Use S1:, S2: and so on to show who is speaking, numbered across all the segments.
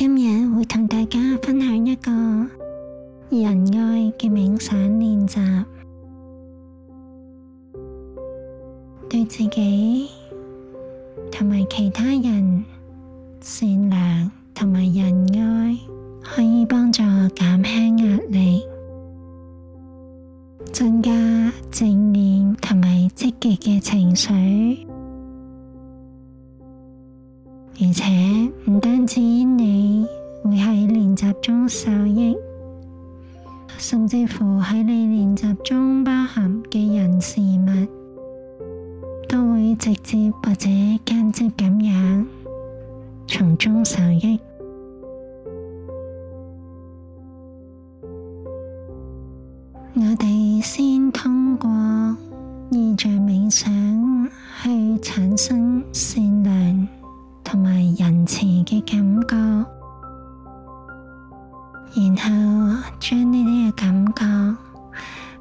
S1: 今日會同大家分享一個仁愛嘅冥想練習，對自己同埋其他人善良同埋仁愛，可以幫助減輕壓力，增加正面同埋積極嘅情緒，而且唔單止你中受益，甚至乎喺你練習中包含嘅人事物，都會直接或者間接咁樣從中受益。我哋先通過意象冥想去產生。然後將呢啲嘅感覺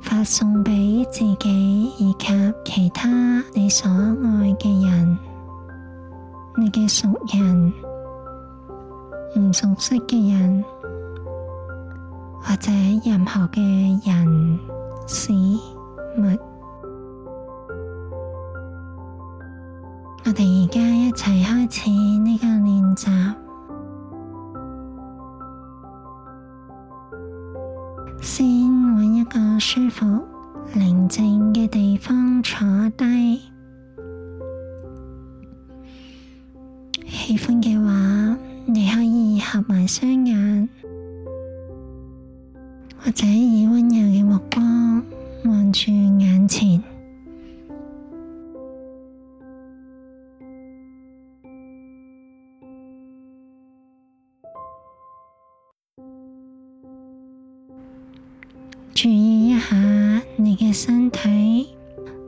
S1: 發送畀自己，以及其他你所愛嘅人、你嘅熟人、唔熟悉嘅人，或者任何嘅人、事物。我哋而家一齊開始呢個練習。先搵一個舒服、寧靜嘅地方坐低，喜歡嘅話，你可以合埋雙眼，或者以溫柔嘅目光望住眼前。注意一下你嘅身體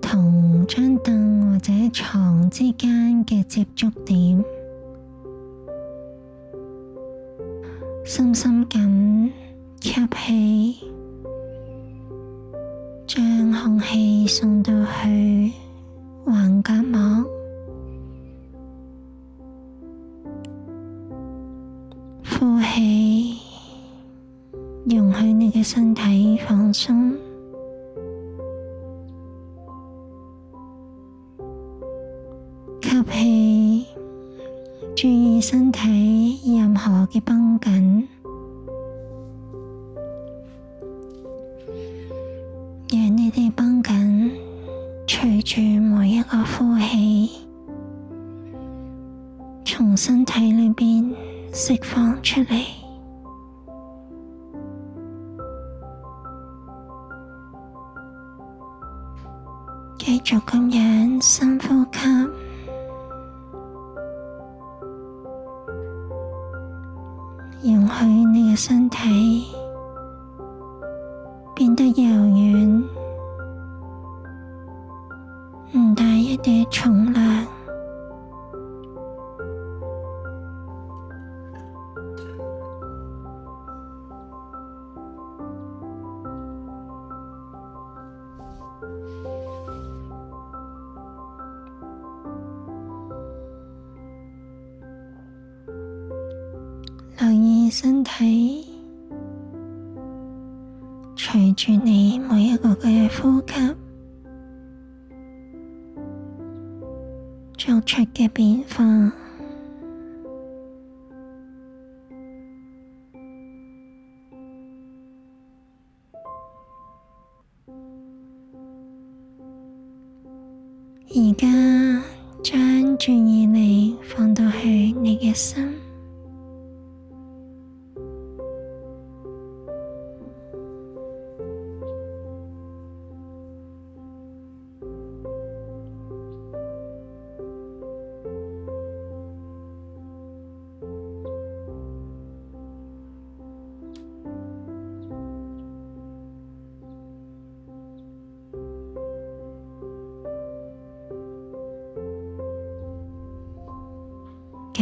S1: 同張凳或者床之間嘅接觸點，深深咁吸氣，將空氣送到去橫膈膜。讓身體放鬆，吸氣，注意身體任何嘅繃緊，讓你哋繃緊，隨住每一個呼氣，從身體裏邊釋放出嚟。繼續咁樣深呼吸，容許你嘅身體變得柔軟，唔帶一啲重量。身體隨住你每一個嘅呼吸作出嘅變化，而家，將注意力放到去你嘅心。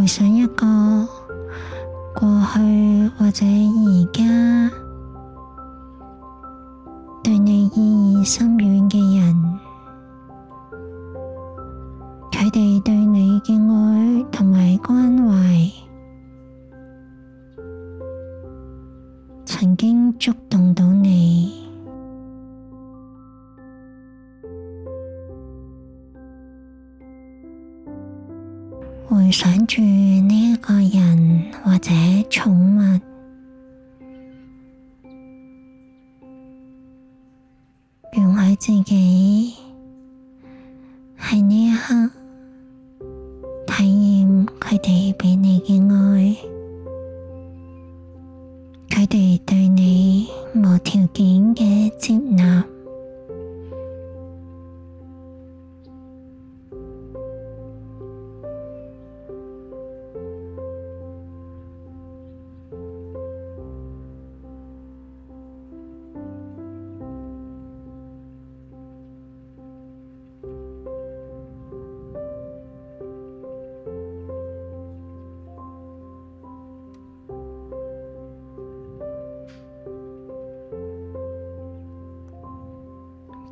S1: 回想一個過去或者而家對你意義深遠嘅人，佢哋對你嘅愛同埋關。佢哋畀你嘅愛，佢哋對你無條件嘅接納。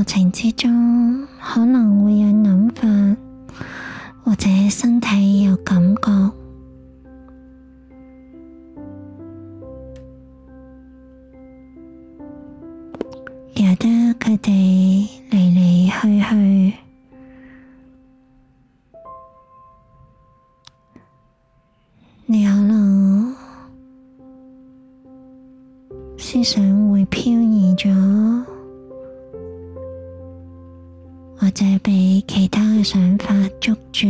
S1: 過程之中，可能會有諗法，或者身體有感覺。或者俾其他嘅想法捉住。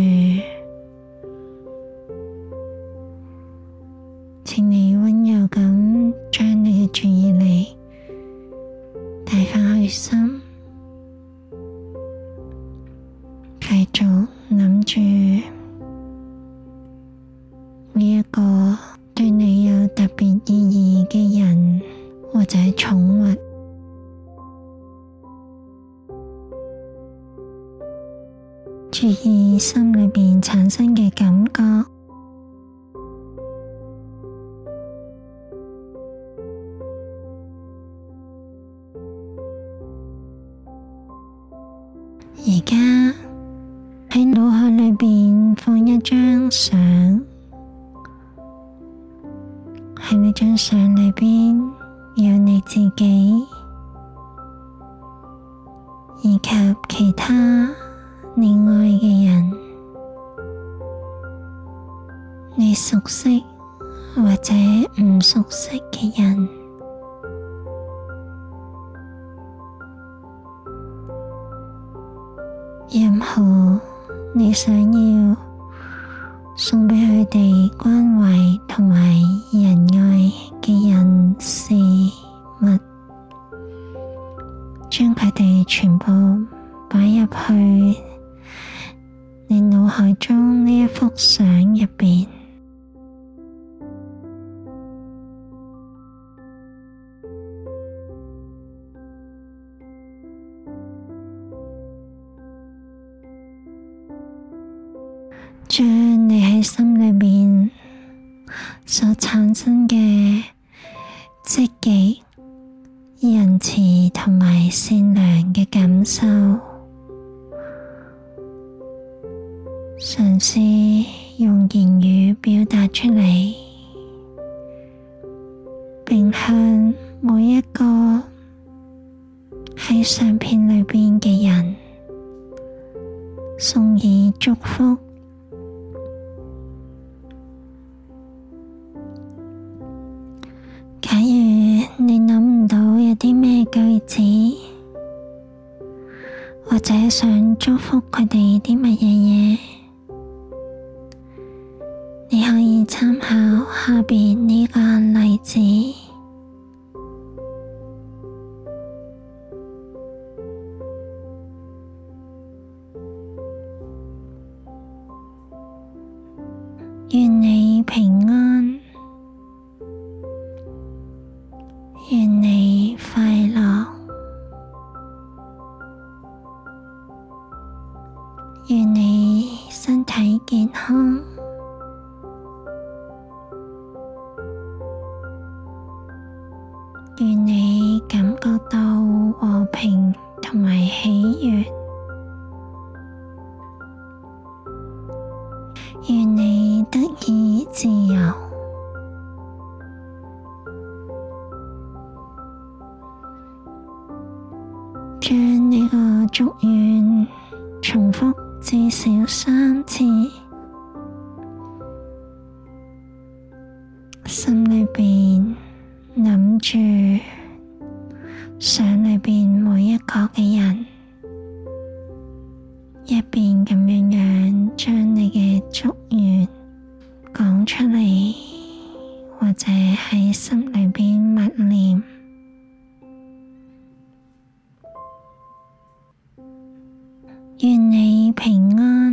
S1: 注意心裏邊產生嘅感覺。而家喺腦海裏邊放一張相，喺呢張相裏邊有你自己，以及其他。你愛嘅人，你熟悉或者唔熟悉嘅人，任何你想要送畀佢哋關懷同埋仁愛嘅人事物，將佢哋全部擺入去。海中呢一幅相入便。嘗試用言語表達出嚟，並向每一個喺相片裏邊嘅人送以祝福。假如你諗唔到有啲咩句子，或者想祝福佢哋啲乜嘢嘢。你可以參考下邊呢個例子。願你感覺到和平同埋喜悅，願你得以自由。將呢個祝願重複至少三次，心裏邊。諗住，相裏邊每一個嘅人，一邊咁樣樣將你嘅祝願講出嚟，或者喺心裏邊默念，願你平安。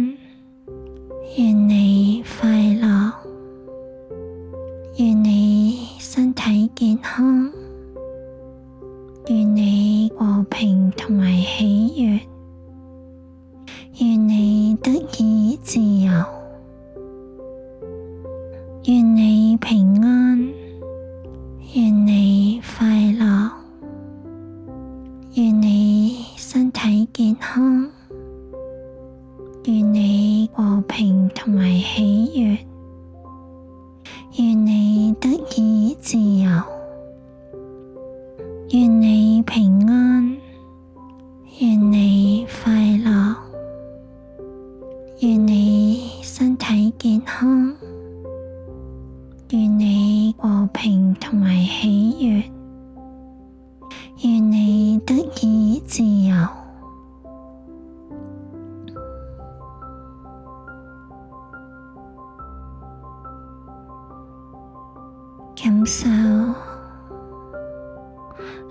S1: 願你平安。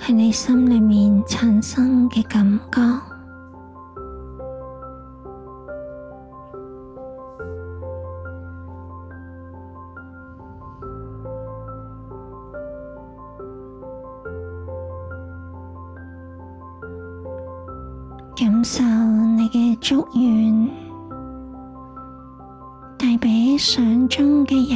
S1: 係你心裏面產生嘅感覺，感受你嘅祝願帶俾想像中嘅人。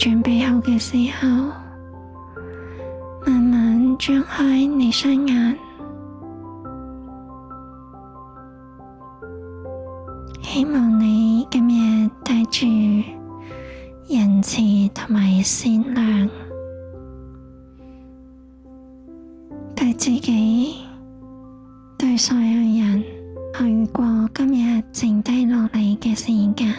S1: 準備好嘅時候，慢慢張開你雙眼，希望你今日帶住仁慈同埋善良，對自己、對所有人去過今日剩低落嚟嘅時間。